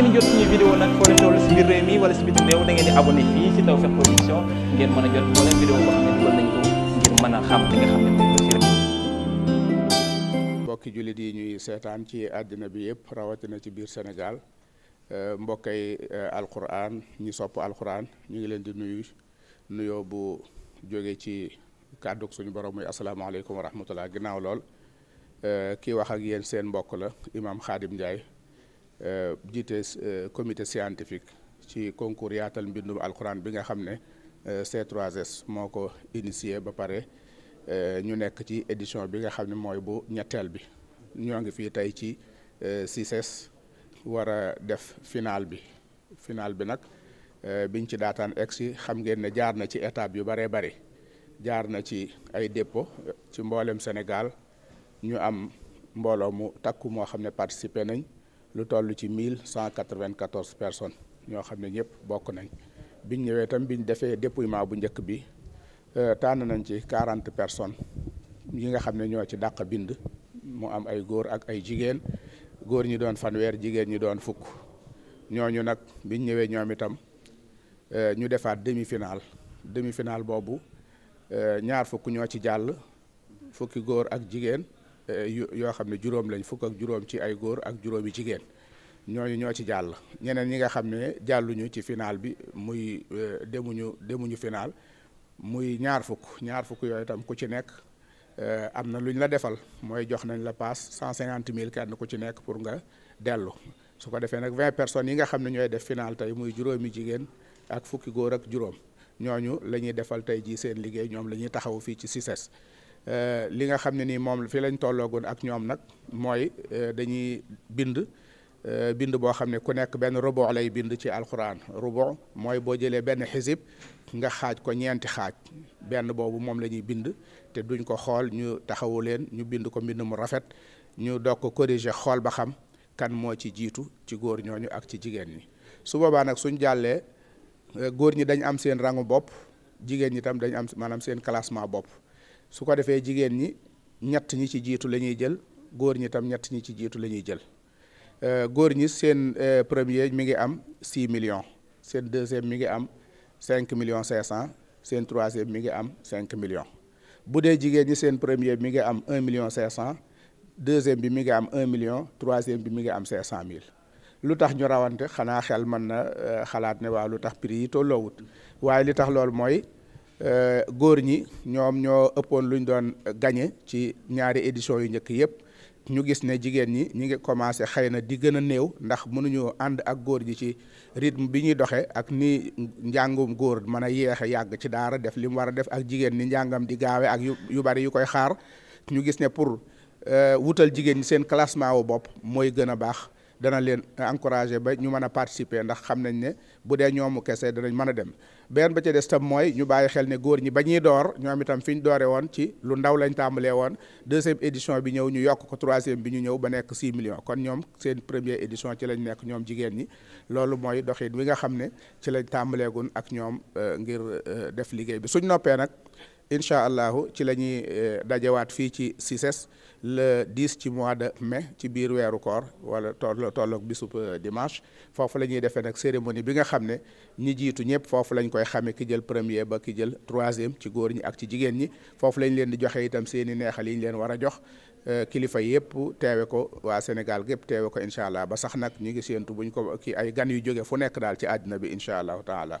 mën a mbokki jullit yi ñuy seetaan ci àddina bi yépp rawatina ci biir Sénégal euh, mbokkay euh, alquran ñi sopp alquran ñu ngi leen di nuyu nuyoo bu jóge ci kàddu suñu borom muy asalaamaaleykum wa rahmatullah ginnaaw lool euh, kii wax ak yéen seen mbokk la imaam Xaadim Ndiaye Euh, jiite euh, comité scientifique ci concours yaatal mbindum alxuraan bi nga xam ne euh, C3S moo ko initié ba pare ñu nekk ci édition bi nga xam ne mooy bu ñetteel bi ñoo ngi fii tey ci CICES war a def final bi final bi nag biñ ci daataan egg si xam ngeen ne jaar na ci étape yu baree bari jaar na ci ay dépo ci mboolem Sénégal ñu am mbooloo mu takku moo xam ne participer nañ. lu toll ci mille cent quatre-vingt-quatorze personnes ñoo xam ne ñëpp bokk nañ biñ ñëwee tam biñ defee dépouillement bu njëkk bi euh, tànn nañ ci quarante personnes yi nga xam ne ñoo ci dàq bind mu am ay góor ak ay jigéen góor ñi doon fanweer jigéen ñi doon fukk ñooñu nag biñ ñëwee ñoom itam euh, ñu defaat demi-finale demi-finale boobu euh, ñaar fukk ñoo ci jàll fukki góor ak jigéen Eh, yoo xam ne juróom lañ fukk ak juróom ci ay góor ak juróomi jigéen ñooñu ñoo ci jàll ñeneen ñi nga xam ne jàlluñu ci final bi muy eh, demuñu demuñu final muy ñaar fukk ñaar fukk yooyu tam ku ci nekk eh, am na lu ñu la defal mooy jox nañ la paas cent cinquante mille kenn ku ci nekk pour nga dellu su ko defee nag vingt personnes yi nga xam ne ñooy def final tey muy juróomi jigéen ak fukki góor ak juróom ñooñu la ñuy defal tey jii seen liggéey ñoom la ñuy taxaw fii ci CICES e Euh, li nga xam ne nii moom fii lañ tolloo tolloogoon ak ñoom nag mooy euh, dañuy bind euh, bind boo xam ne ku nekk benn rubu' lay bind ci alquran rubu' mooy boo jëlee benn xisib nga xaaj ko ñeenti xaaj benn boobu moom la ñuy bind te duñ ko xool ñu taxawu leen ñu bind ko mbind mu rafet ñu doog ko corriger xool ba xam kan moo ci jiitu ci góor ñooñu ak ci jigéen ñi su boobaa nag suñ jàllee góor ñi dañ am seen rangu bopp jigéen ñi tam dañ am maanaam seen classement bopp su ko defee jigéen ñi ñett ñi ci jiitu la ñuy jël góor ñi tam ñett ñi ci jiitu la ñuy jël euh, góor ñi seen euh, premier mi ngi am 6 million seen deuxième mi ngi am 5 millions 500 seen troisième mi ngi am 5 millions bu dee jigéen ñi seen premier mi ngi am un million 500 deuxième bi mi ngi am un million troisième bi mi ngi am 500 mille lu tax ñu rawante xanaa xel mën na euh, xalaat ne waaw lu tax prix yi tolloowut waaye li tax loolu mooy. Euh, góor ñi ñoom ñoo ëppoon lu ñu doon gañe ci ñaari édition yu njëkk yëpp ñu gis ne jigéen ñi ñu ngi commencé xëy na di gën a néew ndax mënuñu ànd ak góor ji ci rythme bi ñuy doxee ak ni njàngum góor mën a yéex a yàgg ci daara def li mu war a def ak jigéen ni njàngam di gaawe ak yu yu bari yu koy xaar ñu gis ne pour euh, wutal jigéen ñi seen classement wu bopp mooy gën a baax dana leen encouragé ba ñu mën a participer ndax xam nañ ne bu dee ñoomu kese danañ mën a dem benn ba ca des tam mooy ñu bàyyi xel ne góor ñi ba ñuy door ñoom itam fi ñu doore woon ci lu ndaw lañ tàmbalee woon deuxième édition bi ñëw ñu yokk ko troisième bi ñu ñëw ba nekk 6 millions kon ñoom seen première édition ci lañ nekk ñoom jigéen ñi loolu mooy doxin wi nga xam ne ci lañ tàmbaleegun ak ñoom euh, ngir euh, def liggéey bi suñ noppee nag incha allahu ci la ñuy eh, dajewaat fii ci CICES e le 10 ci mois de mais ci biir weeru koor wala toll tolloog bisub eh, dimanche foofu la ñuy defee nag cérémonie bi nga xam ne ñi jiitu ñëpp foofu lañ koy xamee ki jël premier ba ki jël troisième ci góor ñi ak ci jigéen ñi foofu lañ leen di joxe itam seeni neexal yi leen war a jox eh, kilifa yëpp teewe ko waa Sénégal gépp teewe ko incha allah ba sax nag ñu ngi séentu buñ ko kii ay gan yu jóge fu nekk daal ci àddina bi incha allahu taala